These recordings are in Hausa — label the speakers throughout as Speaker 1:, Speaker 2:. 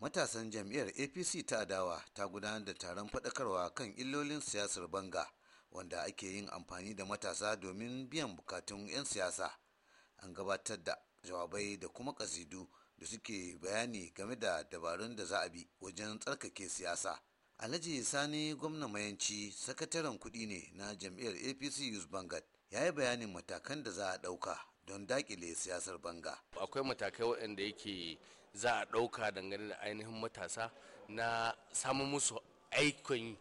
Speaker 1: matasan jam'iyyar apc ta adawa ta gudanar da taron faɗakarwa kan illolin siyasar banga wanda ake yin amfani da matasa domin biyan bukatun 'yan siyasa an gabatar da jawabai da kuma ƙasidu da suke bayani game da dabarun da za a bi wajen tsarkake siyasa alhaji sani gwamna mayanci sakataren kuɗi ne na jam'iyyar apc youth bangat ya yi bayanin matakan da za a ɗauka don dakile siyasar banga
Speaker 2: akwai matakai waɗanda yake za a ɗauka dangane da ainihin matasa na samun musu aikon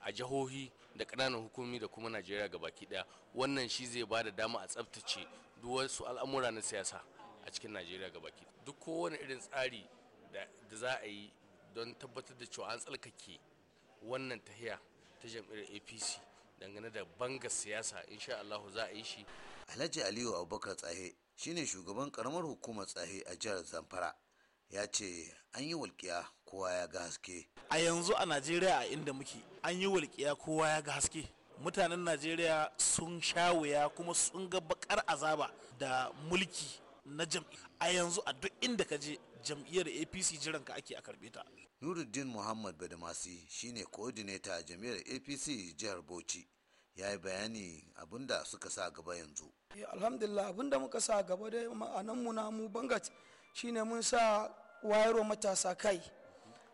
Speaker 2: a jihohi da ƙananan hukumi da kuma najeriya baki ɗaya wannan shi zai ba da dama a tsabtace duk wasu al'amura na siyasa a cikin najeriya baki duk kowane irin tsari da za a yi don tabbatar da cewa an tsalkake wannan tahiya ta jam'iyyar apc dangane da banga siyasa insha Allah za a yi shi
Speaker 1: alhaji aliyu abubakar tsahe shine shugaban karamar hukumar tsahe a jihar zamfara ya ce an yi walƙiya kowa ya ga haske a yanzu a najeriya a inda muke an yi walƙiya kowa ya
Speaker 2: ga haske mutanen najeriya sun sha wuya kuma sun ga bakar azaba da mulki na jam'i a yanzu a duk inda ka je jam'iyyar apc jiranka ake
Speaker 3: a karbe ta
Speaker 1: nuruddin muhammad badamasi shine coordinator a jam'iyyar apc jihar bauchi ya yi bayani abinda suka sa gaba yanzu
Speaker 3: eh, alhamdulillah abinda muka sa gaba dai ma'anan mu na mu bangat shine mun sa wayarwa matasa kai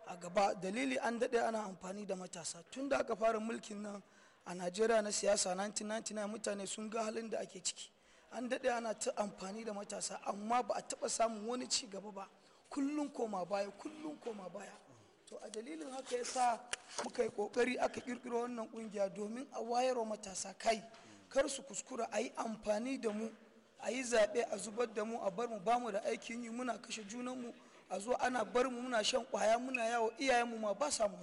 Speaker 3: a gaba dalili an daɗe ana amfani da matasa tun da aka fara mulkin nan a najeriya na siyasa 1999 mutane sun ga halin da ake ciki an daɗe ana ta amfani da matasa amma ba a taɓa samun wani ci gaba ba kullum koma baya kullum koma baya to a dalilin haka ya sa muka yi ƙoƙari aka ƙirƙiro wannan ƙungiya domin a wayarwa matasa kai kar su kuskura a yi amfani da mu a yi zaɓe a zubar da mu a bar mu ba da aikin yi muna kashe junan junanmu a zo ana bar mu muna shan kwaya muna yawo iyayenmu ma ba sa mu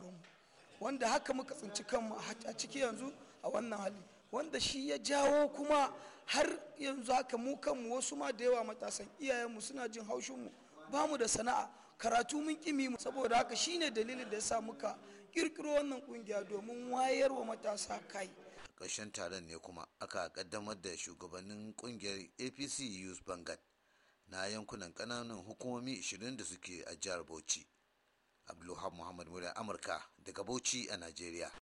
Speaker 3: wanda haka muka tsinci kanmu a ciki yanzu a wannan hali wanda shi ya jawo kuma har yanzu haka mu kanmu wasu ma da yawa matasan iyayenmu suna jin haushinmu ba mu da sana'a karatu mun kimi mu saboda haka shine dalilin da ya sa muka kirkiro wannan kungiya domin wayar wa matasa kai
Speaker 1: karshen taron ne kuma aka kaddamar da shugabannin kungiyar apc youth bangat na yankunan kananan hukumomi 20 da suke a jihar bauchi abdulhab muhammad murya amurka daga bauchi a nigeria.